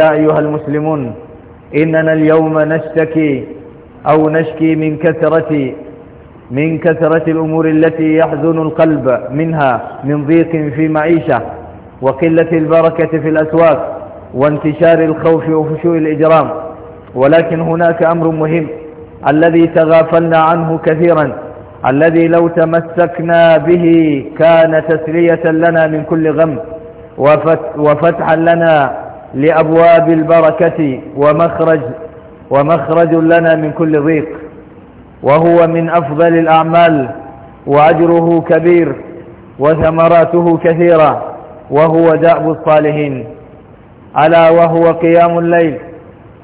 يا أيها المسلمون إننا اليوم نشتكي أو نشكي من كثرة من كثرة الأمور التي يحزن القلب منها من ضيق في معيشة وقلة البركة في الأسواق وانتشار الخوف وفشوء الإجرام ولكن هناك أمر مهم الذي تغافلنا عنه كثيرا الذي لو تمسكنا به كان تسلية لنا من كل غم وفتحا لنا لأبواب البركة ومخرج ومخرج لنا من كل ضيق وهو من أفضل الأعمال وأجره كبير وثمراته كثيرة وهو دأب الصالحين ألا وهو قيام الليل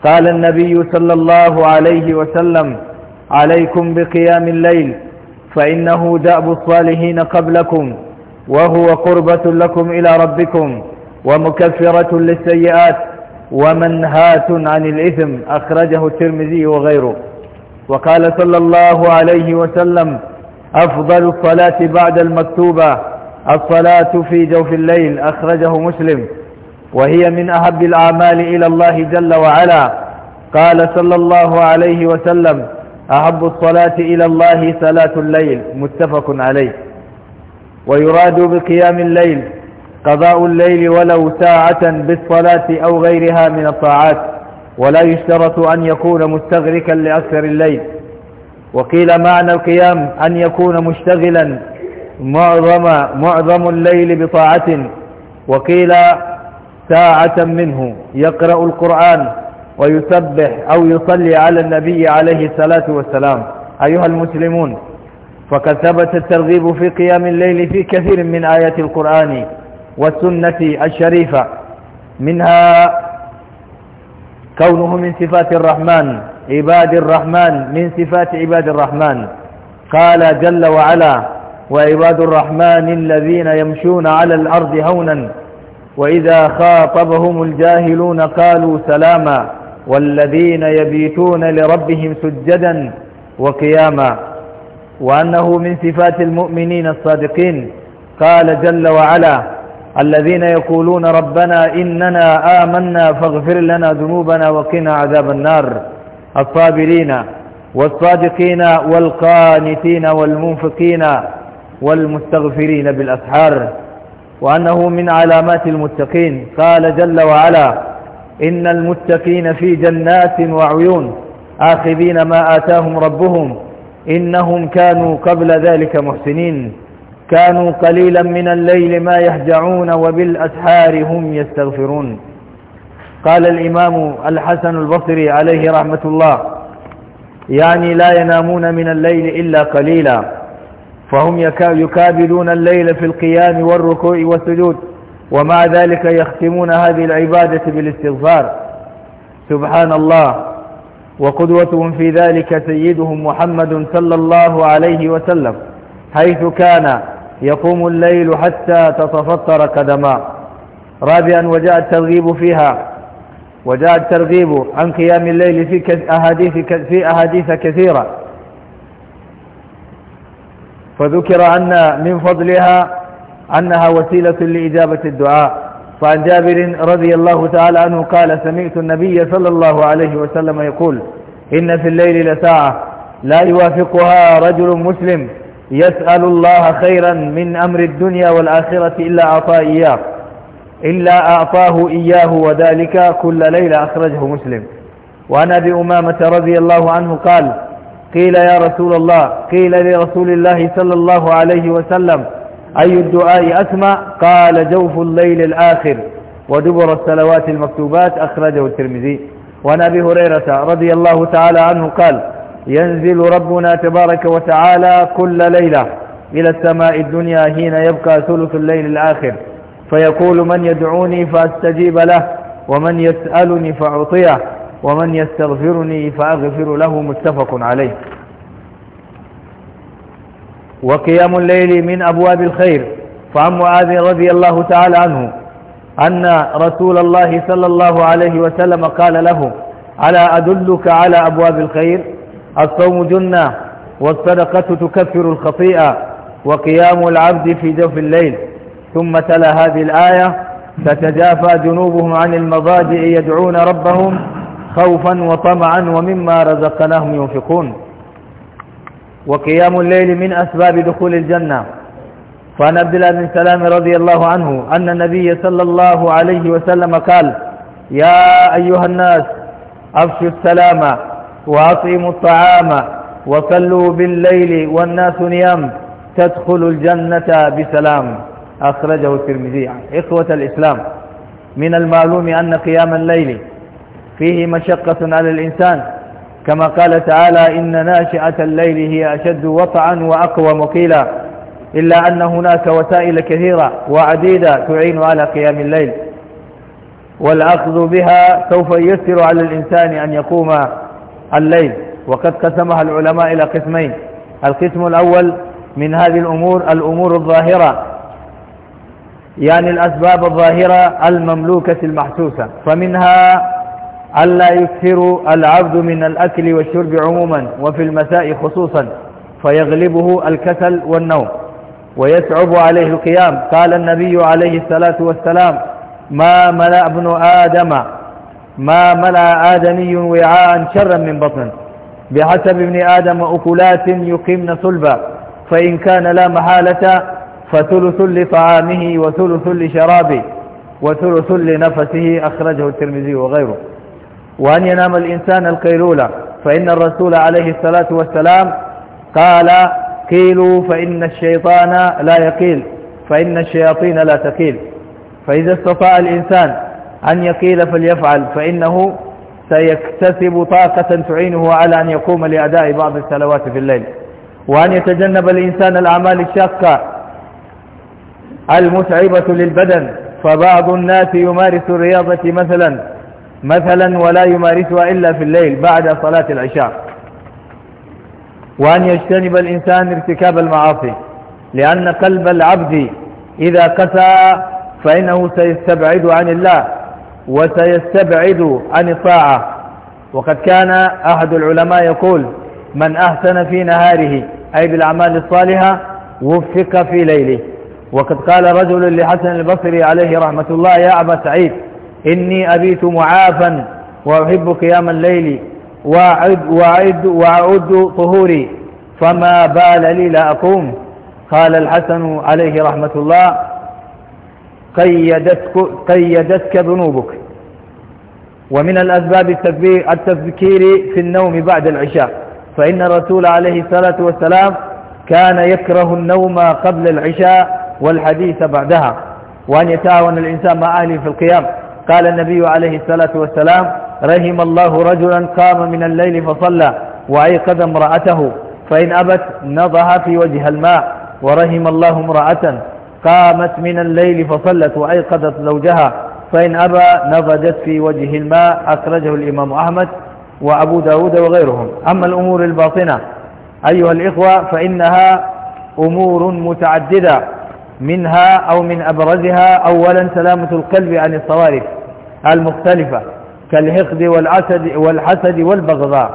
قال النبي صلى الله عليه وسلم عليكم بقيام الليل فإنه دأب الصالحين قبلكم وهو قربة لكم إلى ربكم ومكفرة للسيئات ومنهاة عن الإثم أخرجه الترمذي وغيره وقال صلى الله عليه وسلم أفضل الصلاة بعد المكتوبة الصلاة في جوف الليل أخرجه مسلم وهي من أحب الأعمال إلى الله جل وعلا قال صلى الله عليه وسلم أحب الصلاة إلى الله صلاة الليل متفق عليه ويراد بقيام الليل قضاء الليل ولو ساعة بالصلاة أو غيرها من الطاعات ولا يشترط أن يكون مستغركا لأكثر الليل وقيل معنى القيام أن يكون مشتغلا معظم, معظم الليل بطاعة وقيل ساعة منه يقرأ القرآن ويسبح أو يصلي على النبي عليه الصلاة والسلام أيها المسلمون فقد ثبت الترغيب في قيام الليل في كثير من آيات القرآن والسنة الشريفة منها كونه من صفات الرحمن عباد الرحمن من صفات عباد الرحمن قال جل وعلا وعباد الرحمن الذين يمشون على الأرض هونا وإذا خاطبهم الجاهلون قالوا سلاما والذين يبيتون لربهم سجدا وقياما وأنه من صفات المؤمنين الصادقين قال جل وعلا الذين يقولون ربنا إننا آمنا فاغفر لنا ذنوبنا وقنا عذاب النار الصابرين والصادقين والقانتين والمنفقين والمستغفرين بالأسحار وأنه من علامات المتقين قال جل وعلا إن المتقين في جنات وعيون آخذين ما آتاهم ربهم إنهم كانوا قبل ذلك محسنين كانوا قليلا من الليل ما يهجعون وبالأسحار هم يستغفرون قال الإمام الحسن البصري عليه رحمة الله يعني لا ينامون من الليل إلا قليلا فهم يكابدون الليل في القيام والركوع والسجود ومع ذلك يختمون هذه العبادة بالاستغفار سبحان الله وقدوتهم في ذلك سيدهم محمد صلى الله عليه وسلم حيث كان يقوم الليل حتى تتفطر كدما رابعا وجاء الترغيب فيها وجاء الترغيب عن قيام الليل في أحاديث في أحاديث كثيرة فذكر أن من فضلها أنها وسيلة لإجابة الدعاء فعن جابر رضي الله تعالى عنه قال سمعت النبي صلى الله عليه وسلم يقول إن في الليل لساعة لا يوافقها رجل مسلم يسأل الله خيرا من أمر الدنيا والآخرة إلا أعطاه إياه إلا أعطاه إياه وذلك كل ليلة أخرجه مسلم وعن أبي أمامة رضي الله عنه قال قيل يا رسول الله قيل لرسول الله صلى الله عليه وسلم أي الدعاء أسمى قال جوف الليل الآخر ودبر الصلوات المكتوبات أخرجه الترمذي وعن أبي هريرة رضي الله تعالى عنه قال ينزل ربنا تبارك وتعالى كل ليلة إلى السماء الدنيا حين يبقى ثلث الليل الآخر فيقول من يدعوني فأستجيب له ومن يسألني فأعطيه ومن يستغفرني فأغفر له متفق عليه وقيام الليل من أبواب الخير فعن معاذ رضي الله تعالى عنه أن رسول الله صلى الله عليه وسلم قال له ألا أدلك على أبواب الخير الصوم جنة والصدقة تكفر الخطيئة وقيام العبد في جوف الليل ثم تلا هذه الآية تتجافى جنوبهم عن المضاجع يدعون ربهم خوفا وطمعا ومما رزقناهم ينفقون وقيام الليل من أسباب دخول الجنة فعن عبد الله بن سلام رضي الله عنه أن النبي صلى الله عليه وسلم قال يا أيها الناس أفشوا السلام وأطعموا الطعام وصلوا بالليل والناس نيام تدخل الجنة بسلام أخرجه الترمذي إخوة الإسلام من المعلوم أن قيام الليل فيه مشقة على الإنسان كما قال تعالى إن ناشئة الليل هي أشد وطعا وأقوى مقيلا إلا أن هناك وسائل كثيرة وعديدة تعين على قيام الليل والأخذ بها سوف يسر على الإنسان أن يقوم الليل وقد قسمها العلماء إلى قسمين القسم الأول من هذه الأمور الأمور الظاهرة يعني الأسباب الظاهرة المملوكة المحسوسة فمنها ألا يكثر العبد من الأكل والشرب عموما وفي المساء خصوصا فيغلبه الكسل والنوم ويصعب عليه القيام قال النبي عليه الصلاة والسلام ما ملأ ابن آدم ما ملأ آدمي وعاء شرا من بطن بحسب ابن آدم أكلات يقمن صلبا فإن كان لا محالة فثلث لطعامه وثلث لشرابه وثلث لنفسه أخرجه الترمذي وغيره وأن ينام الإنسان القيلولة فإن الرسول عليه الصلاة والسلام قال قيلوا فإن الشيطان لا يقيل فإن الشياطين لا تقيل فإذا استطاع الإنسان أن يقيل فليفعل فإنه سيكتسب طاقة تعينه على أن يقوم لأداء بعض الصلوات في الليل وأن يتجنب الإنسان الأعمال الشاقة المتعبة للبدن فبعض الناس يمارس الرياضة مثلا مثلا ولا يمارسها إلا في الليل بعد صلاة العشاء وأن يجتنب الإنسان ارتكاب المعاصي لأن قلب العبد إذا قسى فإنه سيستبعد عن الله وسيستبعد عن الطاعة وقد كان أحد العلماء يقول من أحسن في نهاره أي بالأعمال الصالحة وفق في ليله وقد قال رجل لحسن البصري عليه رحمة الله يا أبا سعيد إني أبيت معافا وأحب قيام الليل وأعد, وأعد, وأعد طهوري فما بال لي لا أقوم قال الحسن عليه رحمة الله قيدتك, قيدتك ذنوبك ومن الأسباب التذكير في النوم بعد العشاء فإن الرسول عليه الصلاة والسلام كان يكره النوم قبل العشاء والحديث بعدها وأن يتعاون الإنسان مع أهله في القيام قال النبي عليه الصلاة والسلام رحم الله رجلا قام من الليل فصلى وأيقظ امرأته فإن أبت نضها في وجه الماء ورحم الله امرأة قامت من الليل فصلت وأيقظت زوجها فإن أبى نضجت في وجه الماء أخرجه الإمام أحمد وأبو داود وغيرهم أما الأمور الباطنة أيها الإخوة فإنها أمور متعددة منها أو من أبرزها أولا سلامة القلب عن الصوارف المختلفة كالحقد والعسد والحسد والبغضاء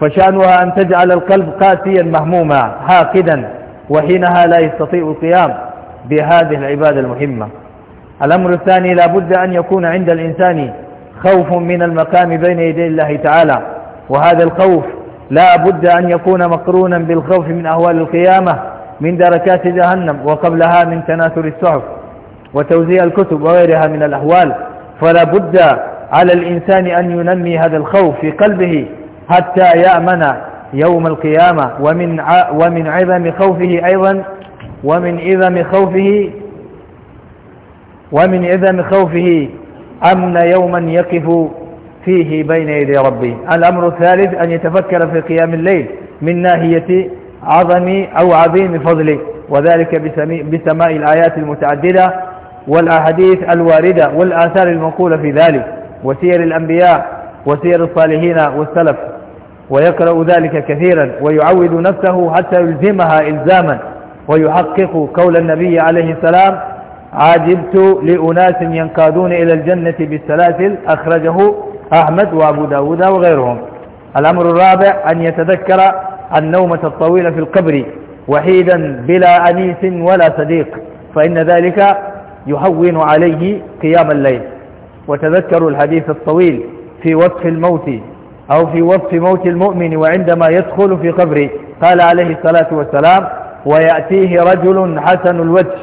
فشأنها أن تجعل القلب قاسيا مهموما حاقدا وحينها لا يستطيع القيام بهذه العبادة المهمة الأمر الثاني لا بد أن يكون عند الإنسان خوف من المقام بين يدي الله تعالى وهذا الخوف لا بد أن يكون مقرونا بالخوف من أهوال القيامة من دركات جهنم وقبلها من تناثر الصحف وتوزيع الكتب وغيرها من الأهوال فلا بد على الإنسان أن ينمي هذا الخوف في قلبه حتى يأمن يوم القيامة ومن ومن عظم خوفه أيضا ومن عظم خوفه ومن عظم خوفه أمن يوما يقف فيه بين يدي ربه الأمر الثالث أن يتفكر في قيام الليل من ناهية عظم أو عظيم فضله وذلك بسماء الآيات المتعددة والأحاديث الواردة والآثار المنقولة في ذلك وسير الأنبياء وسير الصالحين والسلف ويقرأ ذلك كثيرا ويعود نفسه حتى يلزمها إلزاما ويحقق قول النبي عليه السلام عاجبت لأناس ينقادون إلى الجنة بالسلاسل أخرجه أحمد وأبو داود وغيرهم الأمر الرابع أن يتذكر النومة الطويلة في القبر وحيدا بلا أنيس ولا صديق فإن ذلك يهون عليه قيام الليل وتذكروا الحديث الطويل في وصف الموت أو في وصف موت المؤمن وعندما يدخل في قبره قال عليه الصلاة والسلام ويأتيه رجل حسن الوجه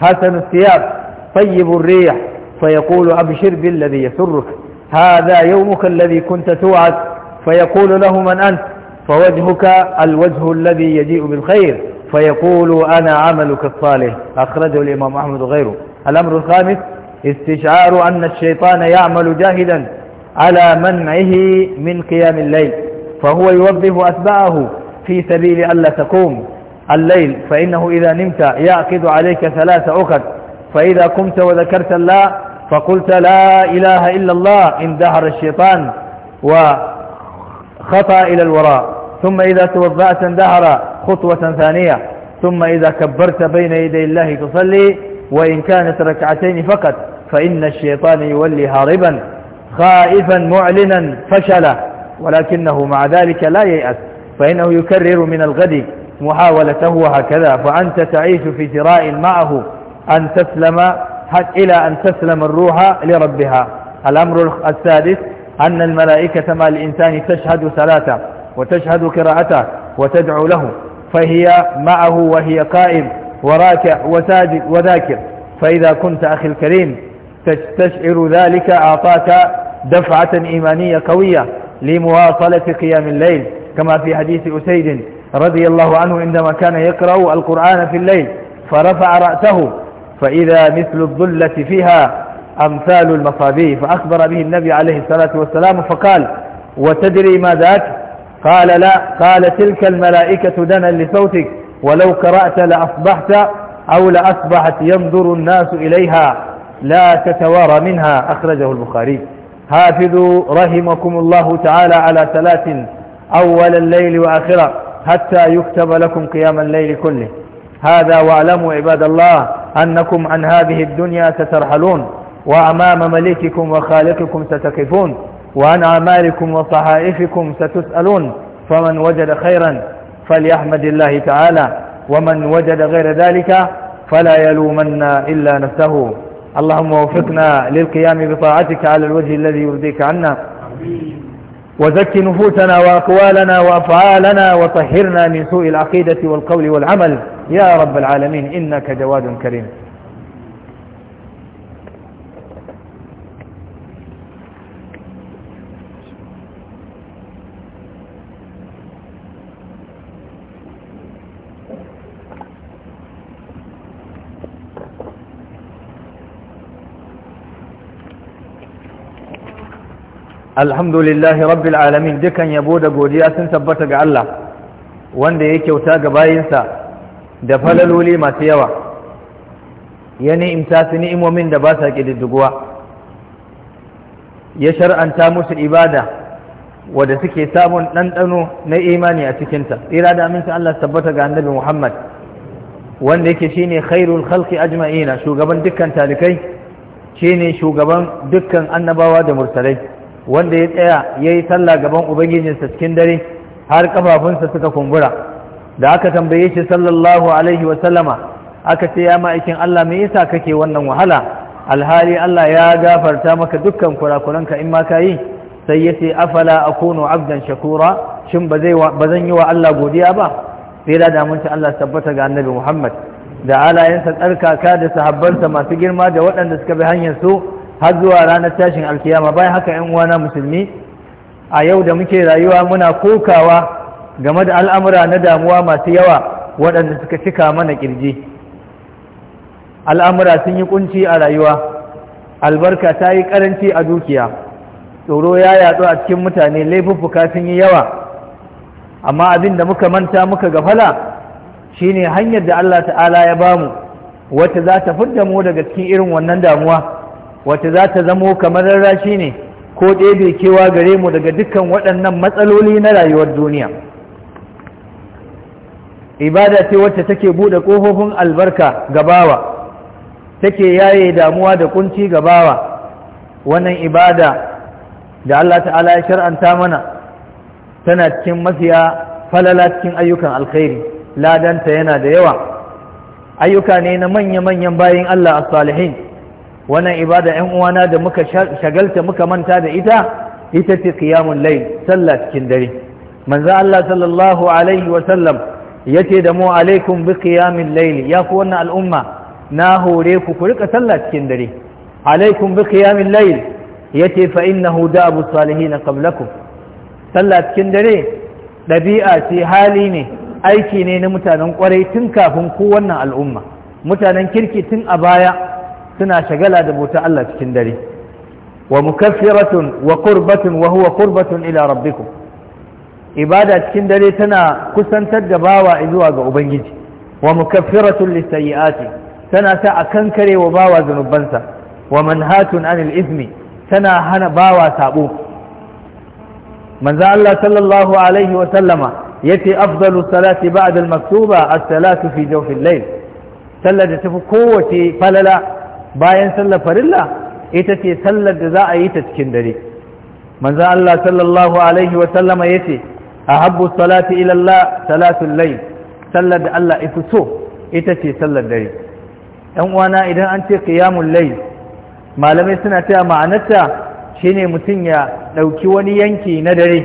حسن الثياب طيب الريح فيقول أبشر بالذي يسرك هذا يومك الذي كنت توعد فيقول له من أنت فوجهك الوجه الذي يجيء بالخير فيقول أنا عملك الصالح أخرجه الإمام أحمد وغيره الأمر الخامس استشعار أن الشيطان يعمل جاهدا على منعه من قيام الليل فهو يوظف أتباعه في سبيل ألا تقوم الليل فإنه إذا نمت يعقد عليك ثلاث عقد فإذا قمت وذكرت الله فقلت لا إله إلا الله اندهر الشيطان وخطأ إلى الوراء ثم إذا توضأت اندهر خطوة ثانية ثم إذا كبرت بين يدي الله تصلي وإن كانت ركعتين فقط فإن الشيطان يولي هاربا خائفا معلنا فشل ولكنه مع ذلك لا ييأس فإنه يكرر من الغد محاولته وهكذا فأنت تعيش في ثراء معه أن تسلم إلى أن تسلم الروح لربها الأمر السادس أن الملائكة مع الإنسان تشهد صلاته وتشهد قراءته وتدعو له فهي معه وهي قائم وراكع وساجد وذاكر فإذا كنت أخي الكريم تستشعر ذلك أعطاك دفعة إيمانية قوية لمواصلة قيام الليل كما في حديث أسيد رضي الله عنه عندما كان يقرأ القرآن في الليل فرفع رأسه فإذا مثل الظلة فيها أمثال المصابيح فأخبر به النبي عليه الصلاة والسلام فقال وتدري ما ذاك قال لا قال تلك الملائكة دنا لصوتك ولو قرأت لأصبحت أو لأصبحت ينظر الناس إليها لا تتوارى منها أخرجه البخاري حافظوا رحمكم الله تعالى على ثلاث أول الليل وآخرة حتى يكتب لكم قيام الليل كله هذا واعلموا عباد الله أنكم عن هذه الدنيا سترحلون وأمام مليككم وخالقكم ستقفون وعن أعمالكم وصحائفكم ستسألون فمن وجد خيرا فليحمد الله تعالى ومن وجد غير ذلك فلا يلومن إلا نفسه اللهم وفقنا للقيام بطاعتك على الوجه الذي يرضيك عنا وزك نفوسنا وأقوالنا وأفعالنا وطهرنا من سوء العقيدة والقول والعمل يا رب العالمين إنك جواد كريم alhamdulillahi rabbil alamin dukan yabo da godiya sun tabbata ga Allah wanda ya kyauta ga bayinsa da falaloli masu yawa ya ni'imta su ni'imomin da ba sa ƙididdiguwa ya shar'anta musu ibada wadda suke samun ɗanɗano na imani a cikinta tsira da aminta Allah tabbata ga annabi Muhammad wanda yake shine khairul khalki ajma'ina shugaban dukkan talikai shine shugaban dukkan annabawa da mursalai wanda ya tsaya ya yi sallah gaban ubangijinsa cikin dare har kafafunsa suka kumbura da aka tambaye shi sallallahu alaihi sallama aka ce ya ma'aikin Allah me yasa kake wannan wahala alhali Allah ya gafarta maka dukkan kurakuranka in ma ka yi sai ya ce afala akunu abdan shakura shin ba zan yi wa Allah godiya ba sai da damunci Allah tabbata ga annabi Muhammad da alayensa tsarkaka da sahabbansa masu girma da waɗanda suka bi hanyar su har zuwa ranar tashin alkiyama bayan haka yan uwana musulmi a yau da muke rayuwa muna kokawa game da al'amura na damuwa masu yawa waɗanda suka cika mana kirji al'amura sun yi ƙunci a rayuwa albarka ta yi ƙaranci a dukiya tsoro ya yatsu a cikin mutane laifuffuka sun yi yawa amma abin da muka manta muka gafala shine hanyar da Allah ta'ala ya bamu wata za ta fidda mu daga cikin irin wannan damuwa wata za ta zamo kamar rarrashi ne ko ɗebe kewa gare mu daga dukkan waɗannan matsaloli na rayuwar duniya ibada ce wacce take buɗe ƙofofin albarka ga bawa take yaye damuwa da kunci ga bawa wannan ibada da Allah ta'ala ya shar'anta mana tana cikin mafiya falala cikin ayyukan alkhairi ladanta yana da yawa ayyuka ne na manya-manyan bayin Allah as-salihin wannan ibada yan uwana da muka shagalta muka manta da ita ita ce qiyamul layl sallah cikin dare manzo Allah sallallahu alaihi wa sallam yace da mu alaikum bi qiyamil layl ya ku wannan al'umma na hore ku ku rika sallah cikin dare alaikum bi qiyamil layl yace fa innahu da'abu salihin qablakum sallah cikin dare dabi'a ce hali ne aiki ne na mutanen kwarai tun kafin ku wannan al'umma mutanen kirki tun a baya suna shagala da bauta Allah cikin dare wa mukaffiratun wa qurbatun wa huwa qurbatun ila rabbikum ibada cikin dare tana kusantar da bawa zuwa ga ubangiji wa mukaffiratun lisayyiati tana sa akan kare wa bawa zanubansa wa manhatun anil ismi tana hana bawa sabo manzo Allah sallallahu alaihi wa sallama yace afdalu salati ba'da al-maktuba as-salatu fi jawfi al-layl sallar da tafi kowace falala bayan sallar farilla ita ce sallar da za a yi ta cikin dare manzo Allah sallallahu alaihi wa sallama yace ahabbu salati ila Allah lai, sallar da Allah ya so ita ce sallar dare ɗan uwana idan an ce kiyamun lai, malamai suna cewa ma'anarta shine mutum ya ɗauki wani yanki na dare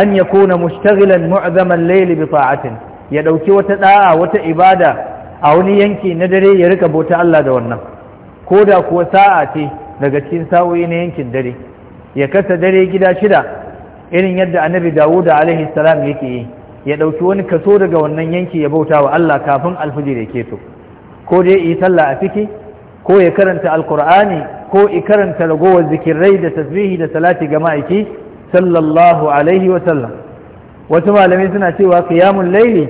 an ya kona mu'zamal layl bi ta'atin ya ɗauki wata ɗa'a wata ibada a wani yanki na dare ya rika bauta Allah da wannan ko da kuwa sa'a ce daga cikin sa'o'i na yankin dare ya kasa dare gida shida irin yadda annabi dawuda alaihi salam yake yi ya ɗauki wani kaso daga wannan yanki ya bauta wa Allah kafin alfijir ya keto ko dai yi sallah a ciki ko ya karanta alkur'ani ko i karanta ragowar zikirai da tasbihi da salati ga ma'aiki sallallahu alaihi wa sallam wasu malamai suna cewa qiyamul layli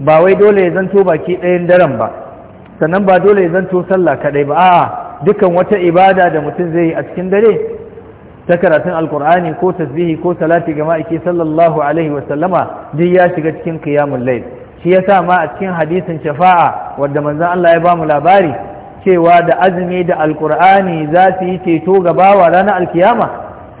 ba wai dole ya zanto baki ɗayan daren ba sannan ba dole ya zanto sallah kaɗai ba a'a dukan wata ibada da mutum zai yi a cikin dare ta karatun alkur'ani ko tasbihi ko salati ga ma'aiki sallallahu alaihi wa sallama duk ya shiga cikin kiyamun layl shi ya sa ma a cikin hadisin shafa'a wadda manzon Allah ya bamu labari cewa da azumi da alkur'ani za su yi ceto ga bawa ranar alkiyama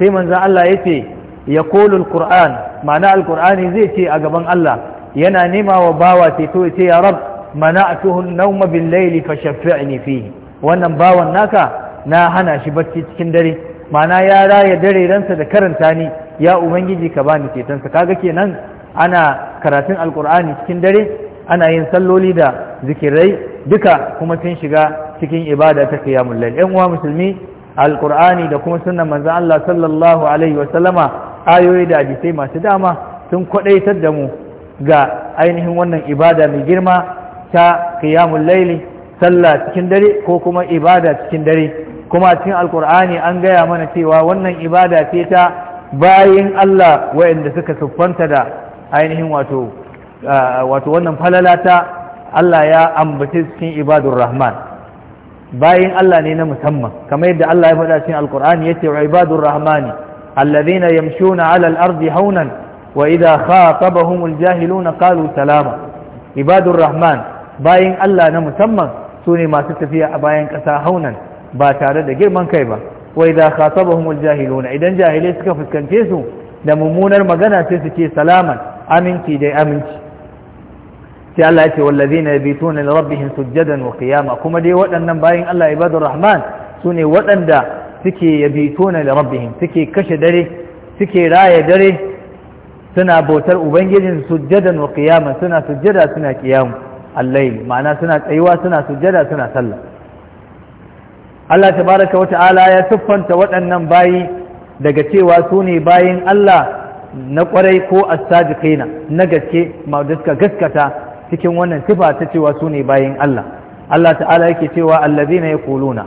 sai manzon Allah ya ce ya kolul qur'an ma'ana alkur'ani zai ce a gaban Allah yana nema wa bawa ceto ya ce ya rab mana'atuhu nauma nawma bil-layli fashaffi'ni fihi wannan bawan naka na hana shi bacci cikin dare mana ya raya dare ransa da karanta ni ya ubangiji ka bani ceton sa kaga kenan ana karatun alqur'ani cikin dare ana yin salloli da zikirai duka kuma sun shiga cikin ibada ta qiyamul layl ɗan uwa musulmi alqur'ani da kuma sunnan manzon Allah sallallahu alaihi wa sallama ayoyi da hadisai masu dama sun kwadaitar da mu ga ainihin wannan ibada mai girma ta qiyamul laili sallah cikin dare ko kuma ibada cikin dare kuma cikin alkur'ani an gaya mana cewa wannan ibada ce ta bayin Allah waɗanda suka siffanta da ainihin wato wato wannan falalata Allah ya ambaci cikin ibadun rahman bayin Allah ne na musamman kamar yadda Allah ya faɗa cikin alkur'ani yace wa ibadur rahmani alladhina yamshuna 'ala al-ardi hawnan وإذا خاطبهم الجاهلون قالوا سلاما عباد الرحمن باين الله نمسمى سوني ما ستفيا باين كسا هونا باتارة دقير من كيبا وإذا خاطبهم الجاهلون إذن جاهلي سكفت كنتيسو دممون المغنى سيسكي سلاما أمنتي دي أمنتي sai Allah ya ce wallazina yabituna li rabbihim sujadan wa qiyama kuma dai waɗannan bayin Allah ibadur rahman sune waɗanda suke yabituna li rabbihim suke kashe dare suke raya dare suna bautar ubangijin sujjadan wa qiyama suna sujjada suna qiyam al-layl ma'ana suna tsayuwa suna sujjada suna sallah Allah tabaraka ta'ala ya tuffanta waɗannan bayi daga cewa su ne bayin Allah na ƙwarai ko as-sadiqina na gaske ma duka gaskata cikin wannan sifa ta cewa su ne bayin Allah Allah ta'ala yake cewa allazina yaquluna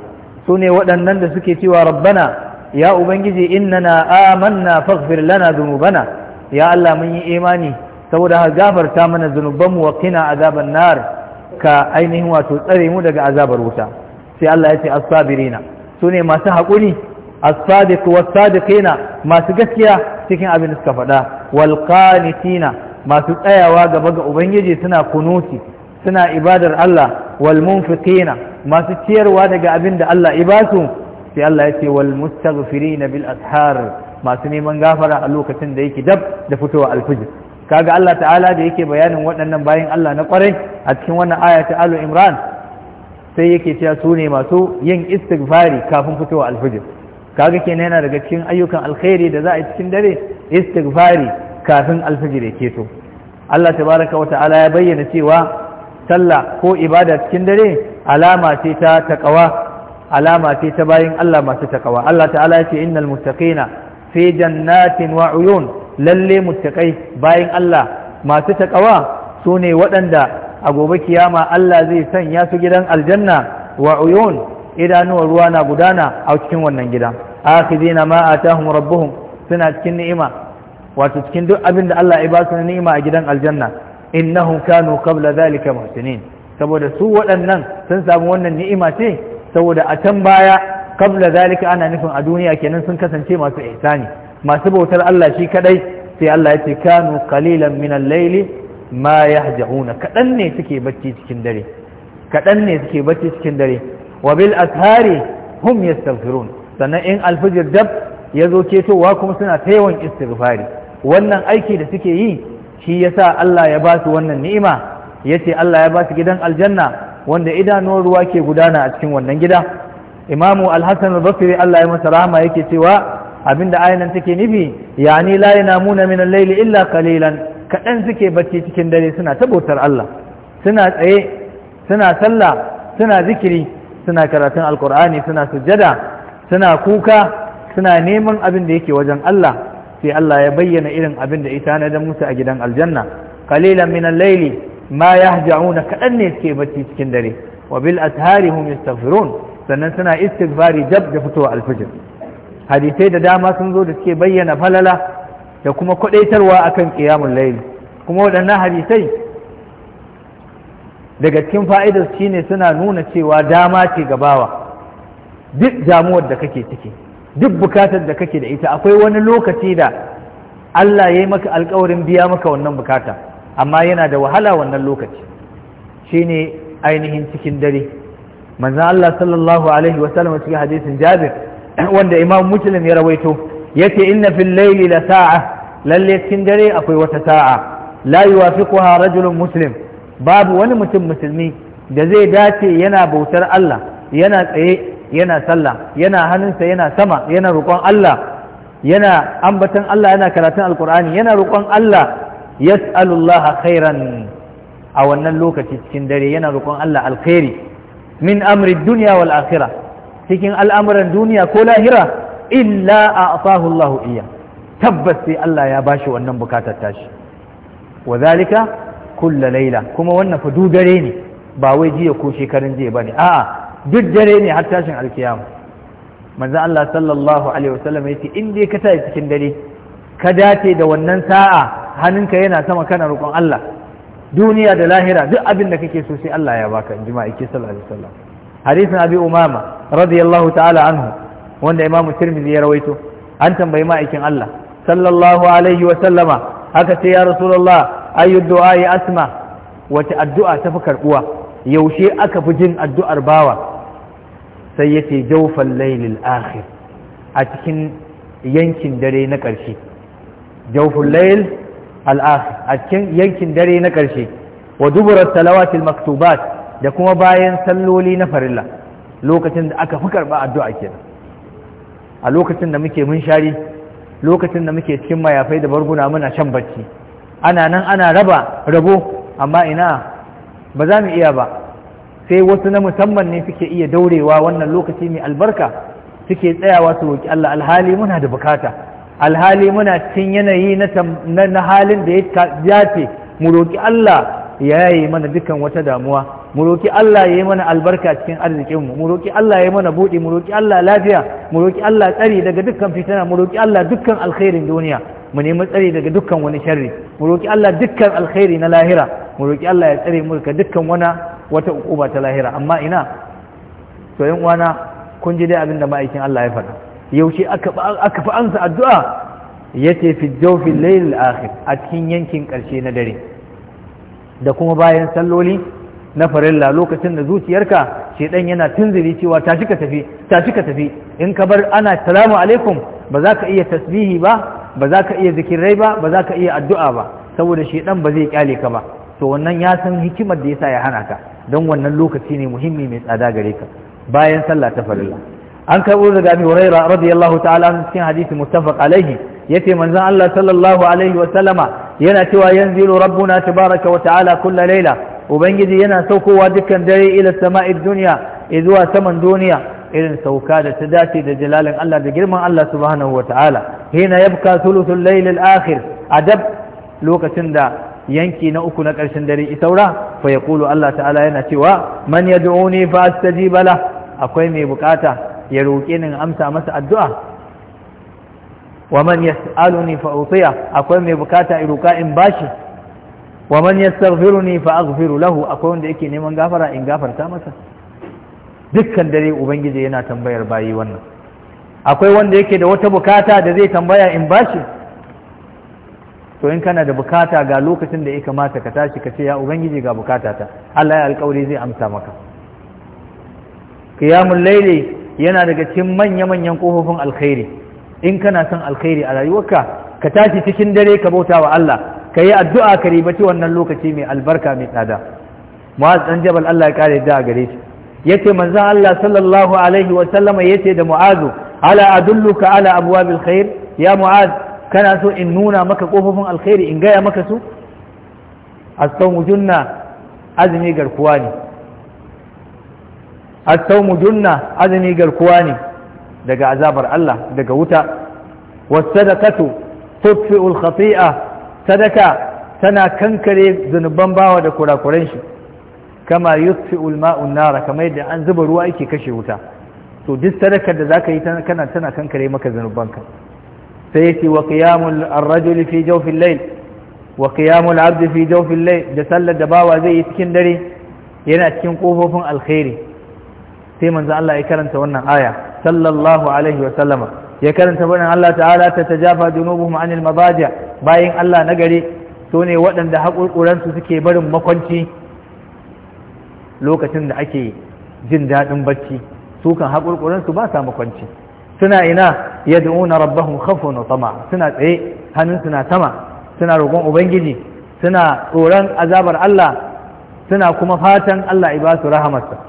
su ne waɗannan da suke cewa rabbana ya ubangiji innana amanna faghfir lana dhunubana ya Allah mun yi imani saboda ka gafarta mana zunubanmu wa qina azaban nar ka ainihin wato tsare mu daga azabar wuta sai Allah ya ce as-sabirina sune masu haƙuri as-sadiq was-sadiqina masu gaskiya cikin abin da suka faɗa wal qanitina masu tsayawa gaba ga ubangiji suna kunuti suna ibadar Allah wal munfiqina masu ciyarwa daga abin da Allah ya basu sai Allah ya ce wal mustaghfirina bil ashar masu neman gafara a lokacin da yake dab da fitowa ka kaga Allah ta'ala da yake bayanin waɗannan bayan Allah na kwarai a cikin wannan aya ta Alu Imran sai yake cewa su ne masu yin istighfari kafin fitowa alfijir kaga kenan yana daga cikin ayyukan alkhairi da za a yi cikin dare istighfari kafin alfijir ya keto Allah tabaraka wa ta'ala ya bayyana cewa sallah ko ibada cikin dare alama ce ta taqwa alama ce ta bayin Allah masu taqwa Allah ta'ala ya ce innal muttaqina fi jannatin wa uyun lalle muttaqai bayan Allah masu takawa sune waɗanda a gobe kiyama Allah zai sanya su gidan aljanna wa uyun idanuwar ruwa na gudana a cikin wannan gida akhidina ma atahum rabbuhum suna cikin ni'ima wato cikin duk abin da Allah ya ba su ni'ima a gidan aljanna innahum kanu qabla dhalika muhsinin saboda su waɗannan sun samu wannan ni'ima ce saboda a can baya qabla zalika ana nufin a duniya kenan sun kasance masu ihsani masu bautar Allah shi kadai sai Allah yace, Kano, Kalilan, qalilan min al-layli ma kadan ne suke bacci cikin dare Wabil ne suke bacci cikin ashari hum yastaghfirun sannan in alfijir dab yazo ketowa kuma suna ta yawan istighfari wannan aiki da suke yi shi yasa Allah ya ba su wannan ni'ima yace Allah ya ba su gidan aljanna wanda idanuwar ruwa ke gudana a cikin wannan gida imamu alhassan al-basri Allah ya masa rahama yake cewa abinda ayanan take nufi yani la yanamuna min al-layli illa qalilan kadan suke bacci cikin dare suna tabotar Allah suna tsaye suna sallah suna zikiri suna karatun alqur'ani suna sujjada suna kuka suna neman abin da yake wajen Allah sai Allah ya bayyana irin abin da ita na da Musa a gidan aljanna qalilan min al-layli ma yahja'una kadan ne suke bacci cikin dare wa bil ashari hum yastaghfirun sannan suna istighfari jab da fitowa alfijir hadisai da dama sun zo da suke bayyana falala da kuma kwadaitarwa akan qiyamul layl kuma waɗannan hadisai daga cikin fa'idar ne suna nuna cewa dama ce gabawa duk damuwar da kake ciki duk bukatar da kake da ita akwai wani lokaci da Allah ya yi maka alkawarin biya maka wannan bukata amma yana da wahala wannan lokaci shine ainihin cikin dare manzon Allah sallallahu alaihi wasallam cikin hadisin Jabir wanda Imam Muslim ya rawaito ce inna fil layli la sa'a lalle cikin dare akwai wata sa'a la yuwafiquha rajulun muslim babu wani mutum musulmi da zai dace yana bautar Allah yana tsaye yana sallah yana hannunsa yana sama yana roƙon Allah yana ambatan Allah yana karatun alkur'ani yana roƙon Allah yas'alullaha khairan a wannan lokaci cikin dare yana roƙon Allah alkhairi min amri duniya wal akhira cikin al'amuran duniya ko lahira illa a'tahu Allahu iya tabbas sai Allah ya bashi wannan bukatar tashi wa zalika kulla laila kuma wannan fa dare ne ba wai jiya ko shekarun jiya bane a'a duk dare ne har tashin alkiyama manzo Allah sallallahu alaihi wasallam yace in dai ka tashi cikin dare ka dace da wannan sa'a hannunka yana sama kana roƙon Allah duniya da lahira duk abin da kake so sai Allah ya baka in ji ma'aiki sallallahu alaihi wasallam hadisin abi umama radiyallahu ta'ala anhu wanda imam tirmidhi ya rawaito an tambayi ma'aikin Allah sallallahu alaihi wa sallama haka sai ya rasulullah ayu du'a ya asma wata addu'a ta fi karbuwa yaushe aka fi jin addu'ar bawa sai yace jawfal laylil akhir a cikin yankin dare na ƙarshe jawful layl al'akhir a cikin yankin dare na ƙarshe wa duburar salawatil maktubat da kuma bayan salloli na farilla lokacin da aka fi karɓa addu'a kenan a lokacin da muke mun shari lokacin da muke cikin mayafai da barguna muna shan bacci ana nan ana raba rabo amma ina ba za mu iya ba sai wasu na musamman ne suke iya daurewa wannan lokaci mai albarka suke tsayawa su roƙi Allah alhali muna da bukata alhali muna cikin yanayi na halin da ya ce mu roki Allah ya yi mana dukan wata damuwa mu roki Allah ya yi mana albarka cikin arzikin mu mu roki Allah ya yi mana buɗe mu roki Allah lafiya mu roki Allah tsari daga dukkan fitina mu roki Allah dukkan alkhairin duniya mu nemi tsari daga dukkan wani sharri mu roki Allah dukkan alkhairi na lahira mu roki Allah ya tsare mu daga dukkan wani wata ukuba ta lahira amma ina to yan uwana kun ji dai abin da ma'aikin Allah ya faɗa yaushe aka fi ansa addu'a ya ce fi jofin lailin akhir a cikin yankin ƙarshe na dare da kuma bayan salloli na farilla lokacin da zuciyarka shedan yana tunziri cewa tashi ka tafi tashi ka tafi in ka bar ana salamu alaikum ba za ka iya tasbihi ba ba za ka iya zikirai ba ba za ka iya addu'a ba saboda shedan ba zai kyale ka ba to wannan ya san hikimar da ya sa ya hana ka don wannan lokaci ne muhimmi mai tsada gare ka bayan sallah ta farilla an karɓo daga Abi Hurairah radiyallahu ta'ala an cikin hadisi muttafaq alaihi ya ce manzan Allah sallallahu alaihi cewa yanzu yana cewa na rabbuna baraka wa ta'ala kulla layla ubangiji yana saukowa dukkan dare ila sama'id duniya zuwa saman duniya irin sauka da ta dace da jalalin Allah da girman Allah subhanahu wa ta'ala hina yabka thuluthul layl al adab lokacin da yanki na uku na ƙarshen dare isaura fa ya kulu Allah ta'ala yana cewa man ya du'uni fa astajiba la akwai mai bukata ya roƙe ni amsa masa addu'a wa man yas'aluni fa utiya akwai mai bukata in roƙa in bashi wa man yastaghfiruni fa aghfiru lahu akwai wanda yake neman gafara in gafarta masa dukkan dare ubangiji yana tambayar bayi wannan akwai wanda yake da wata bukata da zai tambaya in bashi to in kana da bukata ga lokacin da ya kamata ka tashi ka ce ya ubangiji ga bukatata Allah ya alƙawari zai amsa maka qiyamul layli yana daga cikin manya-manyan kofofin alkhairi in kana son alkhairi a rayuwarka ka tashi cikin dare ka bauta wa Allah ka yi addu'a ka ribaci wannan lokaci mai albarka mai tsada mu'az dan jabal Allah ya kare da gare shi yace manzon Allah sallallahu alaihi wa sallama yace da mu'azu ala adulluka ala abwabil khair ya mu'az kana so in nuna maka kofofin alkhairi in gaya maka su as-sawmu junna azumi garkuwa ne at-tawmu junna azumi garkuwa ne daga azabar Allah daga wuta was-sadaqatu tudfi'u al-khati'a sadaka tana kankare zunuban bawa da kurakuran shi kama yutfi'u al-ma'u an-nara kamar yadda an zuba ruwa yake kashe wuta to duk sadakar da zaka yi kana tana kankare maka zunubanka sai yake wa qiyamul ar-rajuli fi layl wa qiyamul abdi fi layl da sallar da bawa zai yi cikin dare yana cikin kofofin alkhairi sai manzo Allah ya karanta wannan aya sallallahu alaihi wa sallama ya karanta wannan Allah ta'ala ta tajafa junubuhum anil mabaji Bayan Allah na gare to ne waɗanda haƙurƙuransu suke barin makwanci lokacin da ake jin daɗin bacci su kan haƙurƙuran su ba sa makwanci suna ina yad'una rabbahum khawfan wa tama suna tsaye hannun suna sama suna roƙon ubangiji suna tsoron azabar Allah suna kuma fatan Allah ya ba su rahamarsa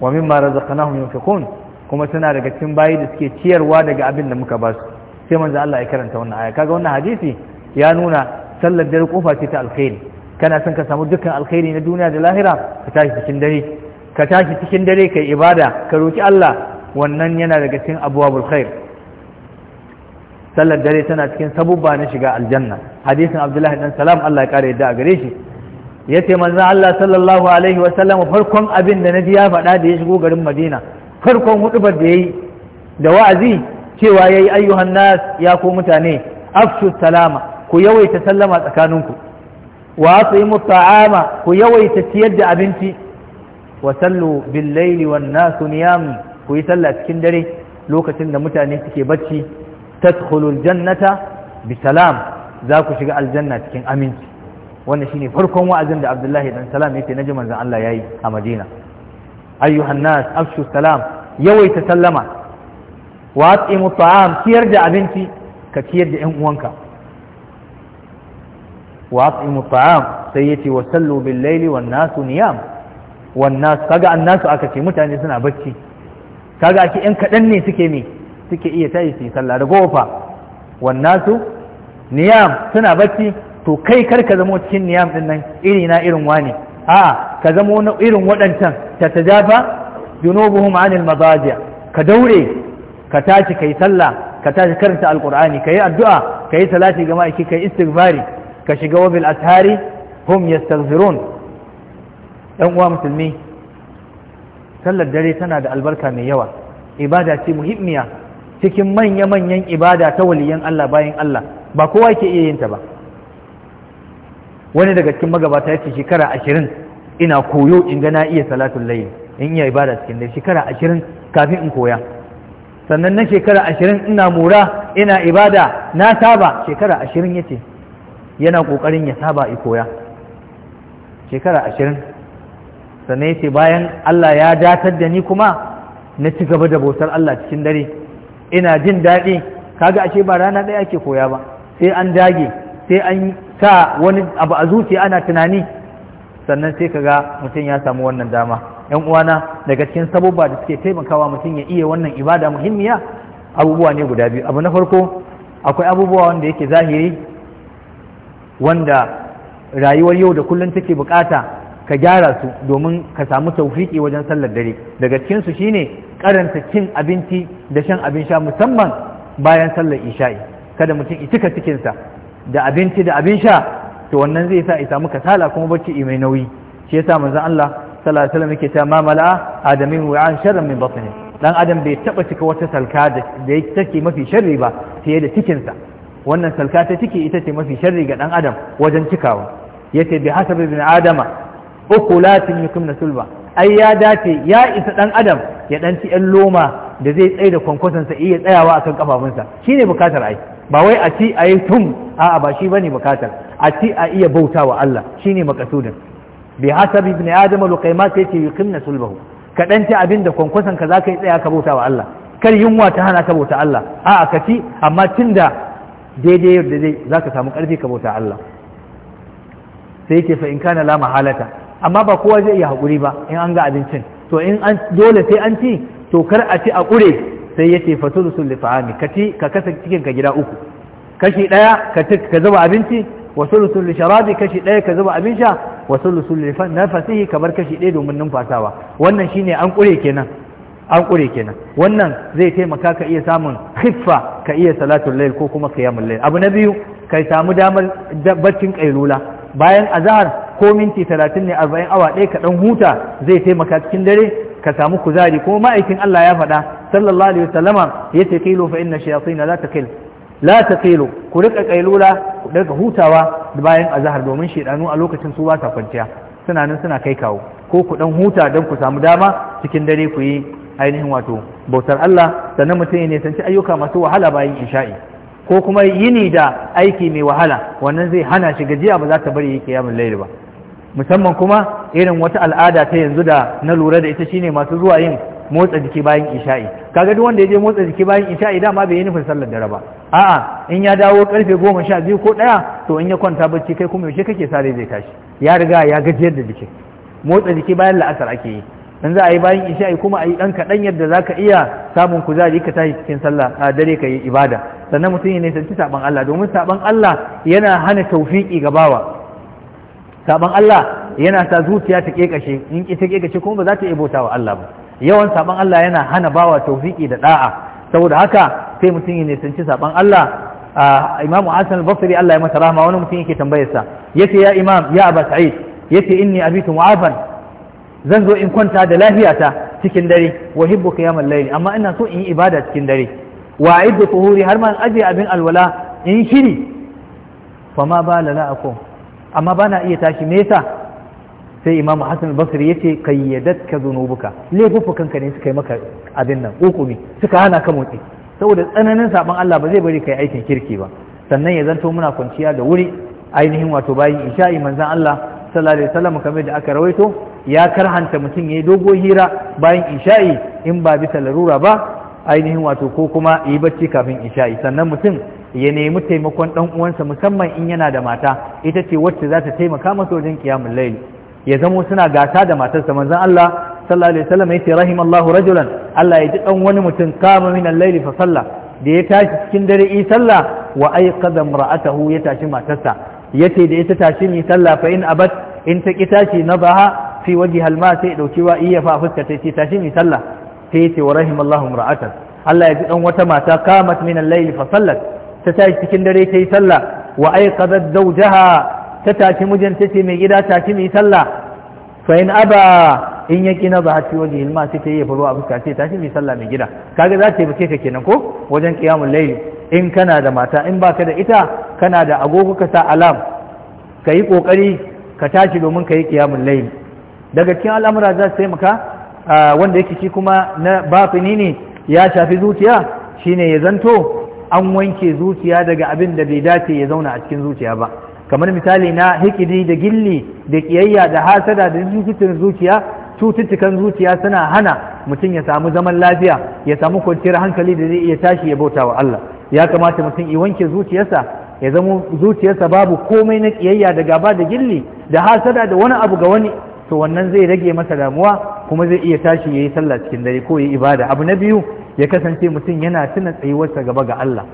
wa mimma razaqnahum yunfiqun kuma suna daga cikin bayi da suke ciyarwa daga abin da muka ba su sai manzo Allah ya karanta wannan aya kaga wannan hadisi ya nuna sallar dare kofa ce ta alkhairi kana son ka samu dukkan alkhairi na duniya da lahira ka tashi cikin dare ka tashi cikin dare kai ibada ka roki Allah wannan yana daga cikin abwabul khair sallar dare tana cikin sabubba na shiga aljanna hadisin Abdullahi dan Salam Allah ya kare yadda a gare shi ya ce manzan Allah sallallahu alaihi wasallam farkon abin da na ji ya faɗa da ya shigo garin madina farkon hudubar da ya yi da wa'azi cewa ya yi ayyuhan nas ya ko mutane afshu salama ku yawaita sallama tsakaninku wa yi ta'ama ku yawaita ciyar da abinci wa sallu bil laili nasu niyam ku yi sallah cikin dare lokacin da mutane suke bacci tadkhulul jannata bi salam za ku shiga aljanna cikin aminci wannan shine farkon wa'azin da Abdullahi dan Salam yake naji manzon Allah yayi a Madina ayyuhan nas afshu salam yawaita sallama wa atimu ta'am ciyar da abinci ka kiyar da ƴan uwanka wa atimu ta'am sai yace wa sallu bil laili wan nas niyam wan nas kaga annasu aka ce mutane suna bacci kaga ake ƴan kadan ne suke ne suke iya tayi su sallah da gofa wan nasu niyam suna bacci to kai kar ka zamo cikin niyam din nan iri na irin wani a ka zamo na irin waɗancan ta tajafa junubuhum anil ka daure ka tashi kai sallah ka tashi karanta alqur'ani yi addu'a yi salati ga ma'aiki kai istighfari ka shiga wabil ashari hum yastaghfirun dan uwa musulmi sallar dare tana da albarka mai yawa ibada ce muhimmiya cikin manya-manyan ibada ta waliyan Allah bayan Allah ba kowa ke iya yin ta ba wani daga cikin magabata yace shekara ashirin ina koyo in ga na iya salatun layi in iya ibada cikin dai shekara ashirin kafin in koya sannan na shekara ashirin ina mura ina ibada na saba shekara ashirin yace yana kokarin ya saba i koya shekara ashirin sannan yace bayan Allah ya datar da ni kuma na ci gaba da bautar Allah cikin dare ina jin daɗi kaga ashe ba rana ɗaya ake koya ba sai an dage sai an sa wani abu a zuciya ana tunani sannan sai ka ga mutum ya samu wannan dama yan uwana daga cikin sabubba da suke taimakawa mutum ya iya wannan ibada muhimmiya abubuwa ne guda biyu abu na farko akwai abubuwa wanda yake zahiri wanda rayuwar yau da kullum take bukata ka gyara su domin ka samu taufiki wajen sallar dare daga cikin su shine karanta cin abinci da shan abin sha musamman bayan sallar isha'i kada mutum ya cika cikinsa da abinci da abin sha to wannan zai sa isa muka kasala kuma bacci mai nauyi shi yasa manzon Allah sallallahu alaihi wasallam yake ta ma mala'a adamin wa'an sharran min batnihi dan adam bai taba cika wata salka da take mafi sharri ba fiye da cikinsa wannan salka ta ciki ita ce mafi sharri ga dan adam wajen cikawa yace bi hasabi bin adama ukulatin yukumna sulba ai ya dace ya isa dan adam ya dan ci yan loma da zai tsaye da kwankwasansa iya tsayawa akan kafafunsa shine bukatar ai ba wai a ci a yi tun a'a ba shi ne bukatar a ci a iya bauta wa Allah ne makasudin bi hasab ibn adam luqayma sai ce yuqimna sulbahu ka dan ci abin da kwankwasan ka zaka yi tsaya ka bauta wa Allah kar yunwa ta hana ka bauta Allah a'a ka ci amma tunda daidai yadda zai zaka samu karfi ka bauta Allah sai ce fa in kana la mahalata amma ba kowa zai iya hakuri ba in an ga abincin to in an dole sai an ci to kar a ci a ƙure sai yace fatulusul li ta'ami kati ka kasa cikin ka gida uku kashi daya ka ka zuba abinci wa sulusul li sharabi kashi daya ka zuba abin sha wa sulusul li nafasihi kamar kashi daya domin numfasawa wannan shine an kure kenan an kure kenan wannan zai taimaka ka iya samun khiffa ka iya salatul layl ko kuma qiyamul layl abu na biyu kai samu damar baccin kailula bayan azhar ko minti talatin ne arba'in awa ɗaya ka ɗan huta zai taimaka cikin dare ka samu kuzari kuma ma'aikin Allah ya faɗa sallallahu alaihi wasallama ya ce kilo fa inna shayatin la takil la taqilu ku rika kailula ku daga hutawa bayan azhar domin shedanu a lokacin su ba ta kwanciya suna nan suna kai kawo ko ku dan huta don ku samu dama cikin dare ku yi ainihin wato bautar Allah sannan mutum ne sanci ayyuka masu wahala bayan isha'i ko kuma yini da aiki mai wahala wannan zai hana shi gajiya ba za ta bari yi kiyamul laili ba musamman kuma irin wata al'ada ta yanzu da na lura da ita shine masu zuwa yin motsa jiki bayan isha'i kaga duk wanda ya je motsa jiki bayan isha'i dama bai yi nufin sallar dare ba a'a in ya dawo karfe goma sha biyu ko ɗaya to in ya kwanta bacci kai kuma yaushe kake sare zai tashi ya riga ya gajiyar da jiki motsa jiki bayan la'asar ake yi in za a yi bayan isha'i kuma a yi dan kaɗan yadda za ka iya samun kuzari ka tashi cikin sallah a dare ka yi ibada sannan mutum ya nisanci saɓan Allah domin saɓan Allah yana hana taufiƙi ga bawa saban Allah yana sa zuciya ta kekashe in ita kekashe kuma ba za ta iya wa Allah ba yawan saban Allah yana hana bawa tawfiki da da'a saboda haka sai mutum ya nisanci saban Allah Imam Hassan al-Basri Allah ya masa rahma wani mutum yake tambayar sa yace ya Imam ya Aba Sa'id yace inni abitu mu'afan zan zo in kwanta da lafiyata cikin dare wa hibbu qiyamal layl amma ina so in yi ibada cikin dare wa aiddu tuhuri har ma aje abin alwala in shiri fama ba la la'akum amma bana iya tashi me yasa sai imamu hasan basri yace nubuka zunubuka kanka ne suka yi maka abin nan kokumi suka hana ka motsi saboda tsananin saban Allah ba zai bari kai aikin kirki ba sannan ya zanto muna kwanciya da wuri ainihin wato bayan isha'i manzan Allah sallallahu alaihi wasallam kamar da aka rawaito ya karhanta mutum ya yi dogo hira bayan isha'i in ba bisa larura ba ainihin wato ko kuma yi bacci kafin isha'i sannan mutum ya nemi taimakon ɗan'uwansa uwansa musamman in yana da mata ita ce wacce za ta taimaka masa wajen kiyamul layl ya zamo suna gasa da matarsa manzon Allah sallallahu alaihi wasallam yace rahimallahu rajulan Allah ya ji dan wani mutum kama min al-layl fa salla da ya tashi cikin dare yi sallah wa ayqadha imra'atahu ya tashi matarsa yace da ita tashi ni sallah fa in abat in ta ki tashi na fi wajhi al-ma sai dauki wa iya fa fuska ta ce tashi ni sallah sai ce, wa rahimallahu imra'atan Allah ya ji dan wata mata kama min al-layl fa sallat ta tashi cikin dare ta yi sallah wa aiqadat zaujaha ta tashi mijinta ce mai gida tashi mai sallah fa in aba in yaki na ba ci waje ilma sai ta yi a fuska ce tashi mai sallah mai gida kaga za ta yi ka kenan ko wajen kiyamun layl in kana da mata in baka da ita kana da agogo ka sa alam ka yi kokari ka tashi domin ka yi kiyamun daga cikin al'amura za su taimaka ah, wanda yake shi kuma na bafini ne ya shafi zuciya shine ya zanto an wanke zuciya daga abin da bai dace ya zauna a cikin zuciya ba kamar misali na hikidi da gilli da kiyayya da hasada da cututtukan zuciya cututtukan zuciya suna hana mutum ya samu zaman lafiya ya samu kwanciyar hankali da zai iya tashi ya bauta wa Allah ya kamata mutum ya wanke zuciyarsa ya zama zuciyarsa babu komai na ƙiyayya da gaba da gilli da hasada da wani abu ga wani to wannan zai rage masa damuwa kuma zai iya tashi ya yi sallah cikin dare ko yayi ibada abu na biyu ya kasance mutum yana tuna tsayuwarsa gaba ga Allah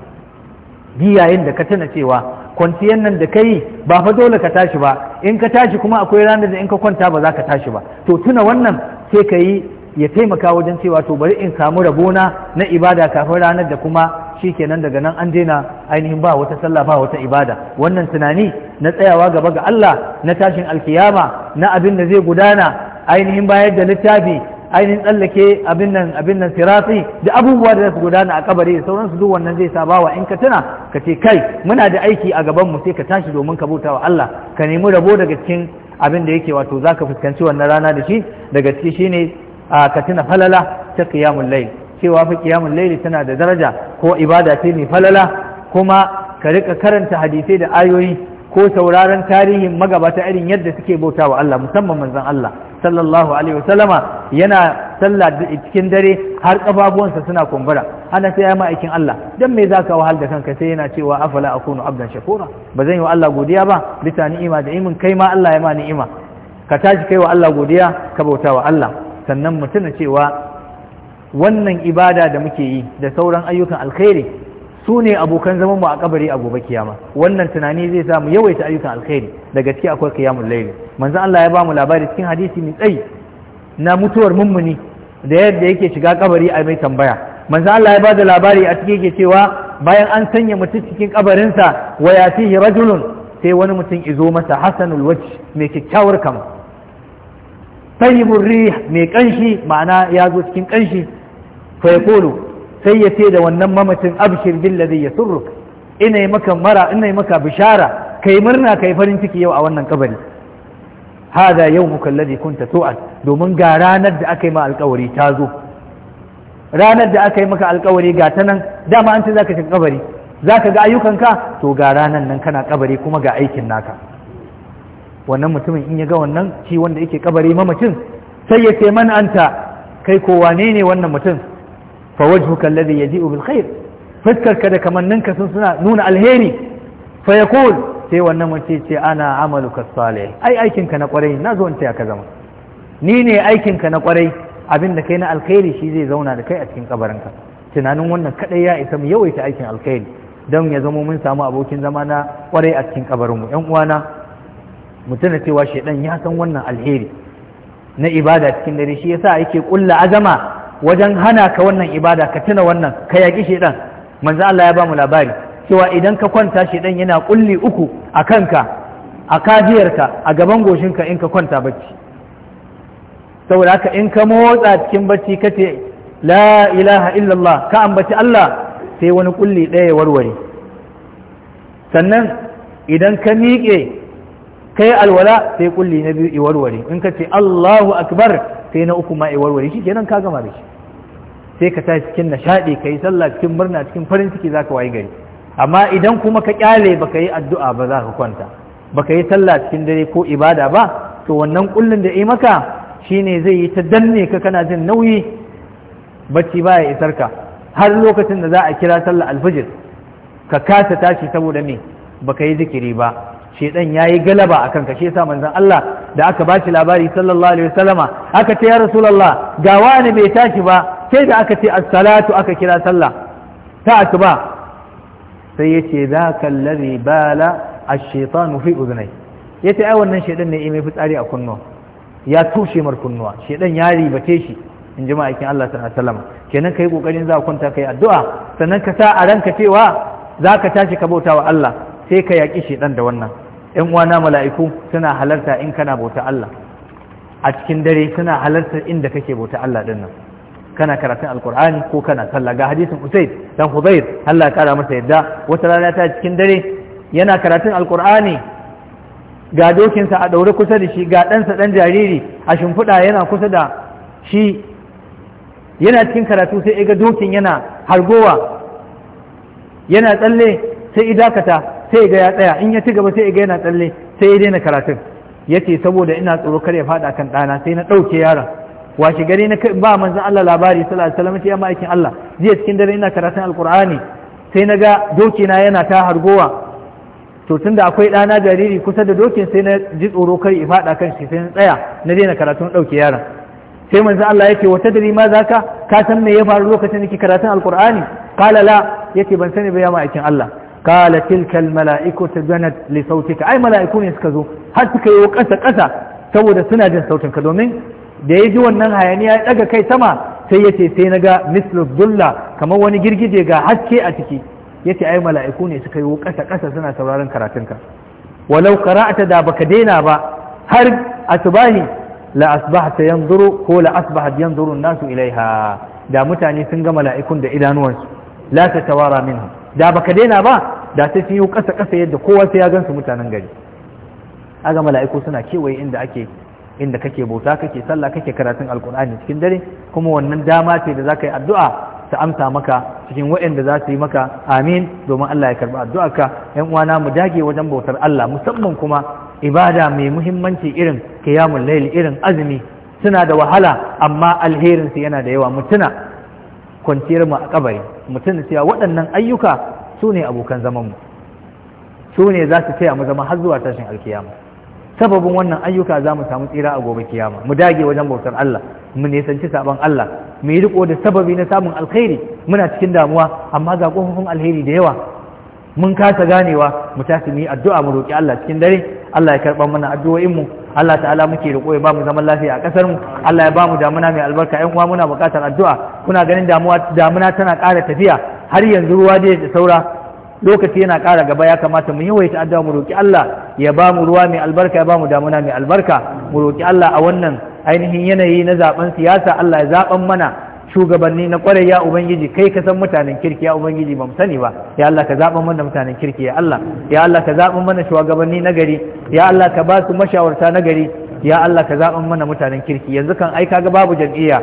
giyayen da ka tuna cewa kwanciyar nan da ka yi ba fa dole ka tashi ba in ka tashi kuma akwai ranar da in ka kwanta ba za ka tashi ba to tuna wannan sai ka yi ya taimaka wajen cewa to bari in samu rabona na ibada kafin ranar da kuma shi kenan daga nan an daina ainihin ba wata sallah ba wata ibada wannan tunani na tsayawa gaba ga Allah na tashin alkiyama na abin da zai gudana ainihin bayar da littafi ainihin tsallake abin nan abin da abubuwa da su gudana a kabari da sauransu duk wannan zai sa bawa in ka tuna ka ce kai muna da aiki a gaban mu sai ka tashi domin ka bauta wa Allah ka nemi rabo daga cikin abin da yake wato zaka fuskanci wannan rana da shi daga ciki shine ka tuna falala ta qiyamul layl cewa fa qiyamul layl tana da daraja ko ibada ce mai falala kuma ka rika karanta hadisai da ayoyi ko sauraron tarihin magabata irin yadda suke bauta wa Allah musamman manzon Allah sallallahu alaihi wasallama yana sallah cikin dare har kafafuwansa suna kumbura ana sai ya ma'aikin Allah dan me zaka wahal da kanka sai yana cewa afala akunu abdan shakura ba zan yi wa Allah godiya ba bisa ni'ima da imin kai ma Allah ya ma ni'ima ka tashi kai wa Allah godiya ka bauta wa Allah sannan mutuna cewa wannan ibada da muke yi da sauran ayyukan alkhairi su ne abokan zaman mu a kabari a gobe kiyama wannan tunani zai sa mu yawaita ayyukan alkhairi daga cikin akwai kiyamun layl manzo Allah ya ba mu labari cikin hadisi mai tsayi na mutuwar mummuni da yadda yake shiga kabari a mai tambaya manzo Allah ya ba da labari a cikin yake cewa bayan an sanya mutum cikin kabarinsa wa yatihi rajulun sai wani mutum izo masa hasanul wajh mai kyakkyawar kama tayyibur rih mai kanshi ma'ana ya zo cikin kanshi fa yaqulu sai ya ce da wannan mamacin abshir billazi yasurruk ina yi maka mara ina yi maka bishara kai murna kai farin ciki yau a wannan kabari hada yawmuka alladhi kunta tu'ad domin ga ranar da aka yi ma alƙawari ta zo ranar da aka yi maka alƙawari ga ta nan dama an ce zaka shiga kabari zaka ga ayyukanka to ga ranar nan kana kabari kuma ga aikin naka wannan mutumin in ya ga wannan shi wanda yake kabari mamacin sai ya ce man anta kai ko wane ne wannan mutum fa wajhuka alladhi yaji'u bil khair fuskarka da kamanninka sun suna nuna alheri fa yaqul sai wannan mace ce ana amaluka salih ai aikinka na kwarai na zo in taya ka zama ni ne aikinka na kwarai abin da kai na alkhairi shi zai zauna da kai a cikin kabarinka tunanin wannan kadai ya isa mu yawaita aikin alkhairi don ya zamo mun samu abokin zama na kwarai a cikin kabarinmu yan uwana mutum da cewa shedan ya san wannan alheri na ibada cikin dare shi ya yasa yake kulla azama wajen hana ka wannan ibada ka tuna wannan ka yaƙi shaidan manzo Allah ya ba mu labari cewa idan ka kwanta shaidan yana kulli uku a kanka a kajiyarka a gaban goshinka in ka kwanta bacci saboda haka in ka motsa cikin bacci ka ce la ilaha illallah ka ambaci Allah sai wani kulli ɗaya warware sannan idan ka miƙe kai alwala sai kulli na biyu warware in ka ce Allahu akbar sai na uku ma ya warware shi kenan ka gama da shi sai ka tashi cikin nishaɗi ka yi sallah cikin murna cikin farin ciki za ka wayi gari amma idan kuma ka kyale baka yi addu'a ba za ka kwanta Ba ka yi sallah cikin dare ko ibada ba to wannan kullun da yi maka shine zai yi ta danne ka kana jin nauyi bacci baya isar ka har lokacin da za a kira sallah alfijir ka kasa tashi saboda me baka yi zikiri ba shedan yi galaba akan kashe shi yasa manzon Allah da aka ba shi labari sallallahu alaihi wasallama aka ce ya rasulullah ga wani bai tashi ba sai da aka ce as-salatu aka kira sallah ta asuba sai yace zaka allazi bala ash-shaytanu fi udhnai yace ai wannan shedan ne mai fitsari a kunnuwa ya tushe mar kunnuwa shedan ya ribate shi in ji ma'aikin Allah sallallahu alaihi wasallam kenan kai kokarin za kwanta kai addu'a sannan ka sa a ranka cewa za ka tashi ka bauta wa Allah sai ka yaƙi shedan da wannan ‘yan wana mala'iku suna halarta in kana bauta Allah a cikin dare suna halarta inda kake bauta Allah ɗin nan kana karatun alkur'ani ko kana sallah ga hadisin usaid dan huzair Allah kara masa yadda wata rana ta cikin dare yana karatun alkur'ani ga dokinsa a ɗaure kusa da shi ga ɗansa ɗan jariri a shimfiɗa yana kusa da shi yana cikin karatu sai ga dokin yana hargowa yana tsalle sai idakata sai ga ya tsaya in ya ci gaba sai ga yana tsalle sai ya daina karatun ya ce saboda ina tsoro kar ya faɗa kan ɗana sai na ɗauke yaron washe gari na ba manzan Allah labari sallallahu alaihi wasallam ya ma'aikin Allah jiya cikin dare ina karatun alqur'ani sai na ga doki yana ta hargowa to tunda akwai ɗana jariri kusa da dokin sai na ji tsoro kar ya faɗa kan shi sai na tsaya na daina karatun ɗauke yaron sai manzan Allah yake wata dare ma zaka ka san me ya faru lokacin da kike karatun alkur'ani qala la yake ban sani ba ya ma'aikin Allah kala tilkal mala'ikatu janat li sautika ai mala'iku ne suka zo har suka yi kasa kasa saboda suna jin sautin ka domin da ya ji wannan hayaniya ya daga kai sama sai ya ce sai na ga mislu dulla kamar wani girgije ga haske a ciki ya ce ai mala'iku ne suka yi kasa kasa suna sauraron karatunka walau qara'ata da baka daina ba har asbahi la asbahta yanzuru ko la asbahat nasu ilaiha da mutane sun ga mala'ikun da idanuwansu la tatawara minhum da baka daina ba da ta sun kasa kasa yadda kowa sai ya su mutanen gari aga mala'iku suna kewaye inda ake inda kake bauta kake sallah kake karatun alkur'ani cikin dare kuma wannan dama ce da zaka yi addu'a ta amsa maka cikin waɗanda za su yi maka amin domin Allah ya karɓi addu'a ka. ‘yan uwana mu dage wajen bautar Allah musamman kuma ibada mai muhimmanci irin kiyamun lail irin azumi suna da wahala amma alherin su yana da yawa mutuna kwanciyar mu a kabari mutuna cewa waɗannan ayyuka su ne abokan zamanmu su ne za su taya mu zama har zuwa tashin alkiyama sababin wannan ayyuka za mu samu tsira a gobe kiyama mu dage wajen bautar Allah mu nisanci sabon Allah mu yi riko da sababi na samun alkhairi muna cikin damuwa amma ga kofofin alheri da yawa mun kasa ganewa mu tashi mu yi addu'a mu roki Allah cikin dare Allah ya karɓar mana addu'o'in mu Allah ta'ala muke riko ya bamu zaman lafiya a kasar mu Allah ya ba mu damuna mai albarka ƴan uwa muna buƙatar addu'a kuna ganin damuwa damuna tana ƙara tafiya har yanzu ruwa dai da saura lokaci yana ƙara gaba ya kamata mu yi addu'a mu roki Allah ya ba mu ruwa mai albarka ya ba mu damuna mai albarka mu roki Allah a wannan ainihin yanayi na zaben siyasa Allah ya zaben mana shugabanni na kwarai ya ubangiji kai ka san mutanen kirki ya ubangiji ba mu sani ba ya Allah ka zaben mana mutanen kirki ya Allah ya Allah ka zaben mana shugabanni na gari ya Allah ka ba su mashawarta na gari ya Allah ka zaben mana mutanen kirki yanzu kan aika ga babu jam'iyya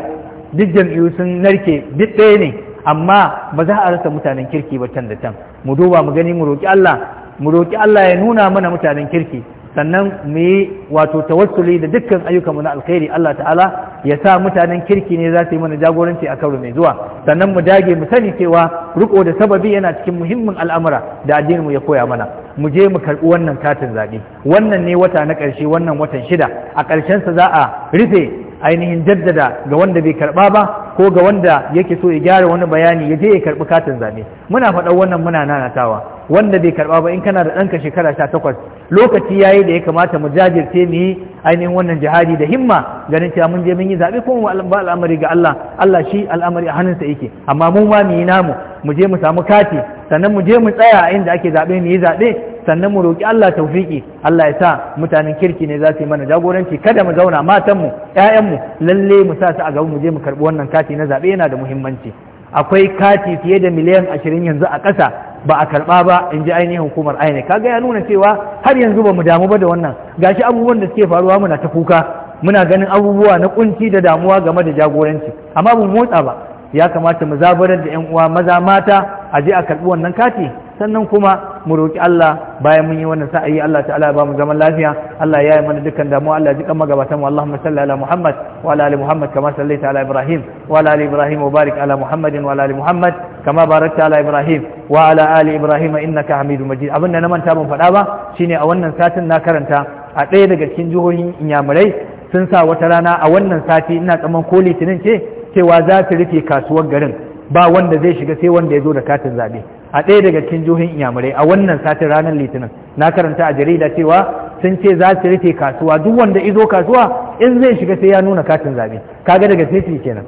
duk jam'iyyu sun narke duk ɗaya ne amma ba za a rasa mutanen kirki ba can da can mu duba mu gani mu roki Allah mu roki Allah ya nuna mana mutanen kirki sannan mu yi wato tawassuli da dukkan ayyukanmu na alkhairi Allah ta'ala ya sa mutanen kirki ne za su yi mana jagoranci a karo mai zuwa sannan mu dage mu sani cewa riko da sababi yana cikin muhimmin al'amura da addininmu ya koya mana mu je mu karɓi wannan katin zaɓe wannan ne wata na ƙarshe wannan watan shida a sa za a rufe ainihin jaddada ga wanda bai karba ba ko ga wanda yake so ya gyara wani bayani ya je ya karbi katin zabe muna faɗan wannan muna nanatawa wanda bai karba ba in kana da ɗanka shekara sha takwas lokaci ya yi da ya kamata mu jajirce mu yi ainihin wannan jihadi da himma ganin cewa mun je mun yi zaɓe ko mu ba al'amari ga Allah Allah shi al'amari a hannunsa yake amma mu ma mu yi namu mu je mu samu kati sannan mu je mu tsaya a inda ake zaɓe mu yi zaɓe sannan mu roƙi Allah taufiki Allah ya sa mutanen kirki ne za su yi mana jagoranci kada mu zauna matanmu ƴaƴanmu lalle mu sa su a gaba mu je mu karɓi wannan kati na zaɓe yana da muhimmanci akwai kati fiye da miliyan ashirin yanzu a ƙasa ba a karɓa ba in ji ainihin hukumar aine kaga ya nuna cewa har yanzu ba mu damu ba da wannan gashi abubuwan da suke faruwa muna ta kuka muna ganin abubuwa na kunci da damuwa game da jagoranci amma ba mu motsa ba ya kamata mu zabarar da 'yan uwa maza mata a je a karɓi wannan kati sannan kuma mu roƙi Allah bayan mun yi wannan sa'ayi Allah ta'ala ba mu zaman lafiya Allah ya yi mana dukkan damuwa Allah ji kan magabatan mu Allahumma salli ala Muhammad wa ala ali Muhammad kama sallaita ala Ibrahim wa ala ali Ibrahim wa barik ala Muhammad wa ala ali Muhammad kama barakta ala Ibrahim wa ala ali Ibrahim innaka Hamidum Majid abin da na manta ban faɗa ba shine a wannan satin na karanta a ɗaya daga cikin jihohin Inyamurai sun sa wata rana a wannan sati ina tsaman ko litinin ce cewa za su rufe kasuwar garin ba wanda zai shiga sai wanda ya zo da katin zaɓe a ɗaya daga cikin jihohin inyamurai a wannan satin ranar litinin na karanta a jarida cewa sun ce za su rufe kasuwa duk wanda izo kasuwa in zai shiga sai ya nuna katin zabe kaga daga titi kenan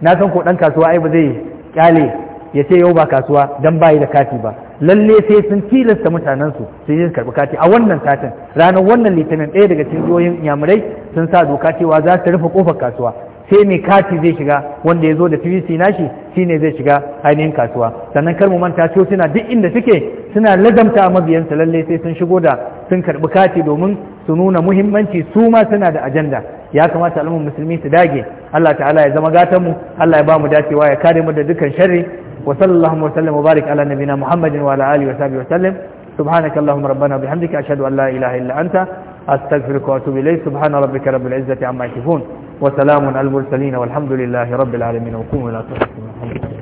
na san ko dan kasuwa ai ba zai kyale ya ce yau ba kasuwa dan bayi da kati ba lalle sai sun tilasta mutanen su yi karɓi kati a wannan satin ranar wannan litinin ɗaya daga cikin jihohin inyamurai sun sa doka cewa za su rufe kofar kasuwa sai mai kati zai shiga wanda ya zo da pvc shi shine zai shiga ainihin kasuwa sannan kar mu manta cewa suna duk inda suke suna lazamta mabiyansa lalle sai sun shigo da sun karbi kati domin su nuna muhimmanci su ma suna da ajanda ya kamata al'ummar musulmi su dage Allah ta'ala ya zama gatan mu Allah ya ba mu dacewa ya kare mu da dukkan sharri wa sallallahu wa sallam wa barik ala nabina muhammadin wa ala alihi wa sahbihi wa sallam subhanaka allahumma rabbana bihamdika ashhadu an la ilaha illa anta astaghfiruka wa atubu ilayk subhana rabbika rabbil izzati amma yasifun وسلام على المرسلين والحمد لله رب العالمين وقوموا إلى صلاة